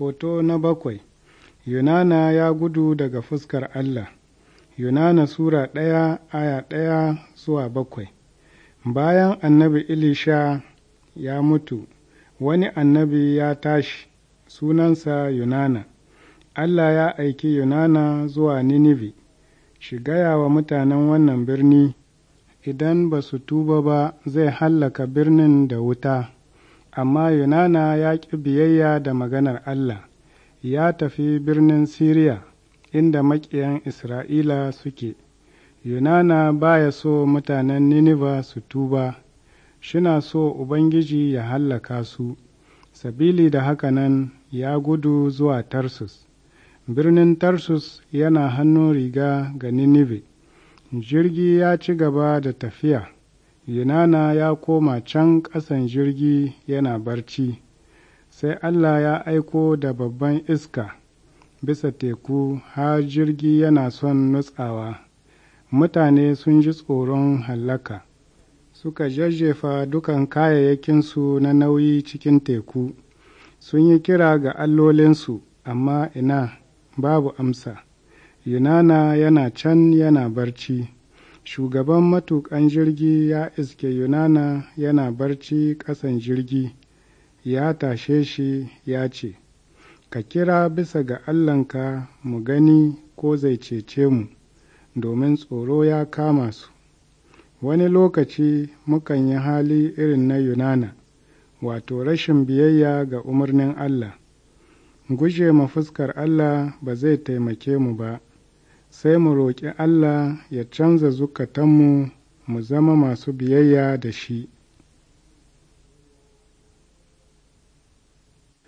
Foto na bakwai Yunana ya gudu daga fuskar Allah Yunana Sura ɗaya aya ɗaya zuwa bakwai Bayan annabi Ilisha ya mutu, wani annabi ya tashi, sunansa Yunana. Allah ya aiki Yunana zuwa Ninive, shi gaya wa mutanen wannan birni, idan ba su tuba ba zai hallaka birnin da wuta. amma Yunana ya ƙi biyayya da maganar Allah, ya tafi birnin Siriya, inda maƙiyan Isra'ila suke. Yunana ba ya so mutanen Niniva su tuba, shina so Ubangiji ya hallaka su, sabili da haka nan ya gudu zuwa Tarsus. Birnin Tarsus yana hannun riga ga Ninive, jirgi ya ci gaba da tafiya. Yunana ya koma can ƙasan jirgi yana barci, sai Allah ya aiko da babban iska bisa teku har jirgi yana son nutsawa. Mutane sun ji tsoron hallaka, suka jajjefa dukan kayayyakinsu na nauyi cikin teku, sun yi kira ga allolinsu, amma ina babu amsa. Yunana yana can yana barci. shugaban matuƙan jirgi ya iske yunana yana barci ƙasan jirgi ya tashe shi ya ce ka kira bisa ga allahnka mu gani ko zai cece mu domin tsoro ya kama su wani lokaci mukan yi hali irin na yunana wato rashin biyayya ga umarnin allah guje ma fuskar allah ba zai taimake mu ba sai mu roƙi Allah ya canza zukatanmu mu zama masu biyayya da shi.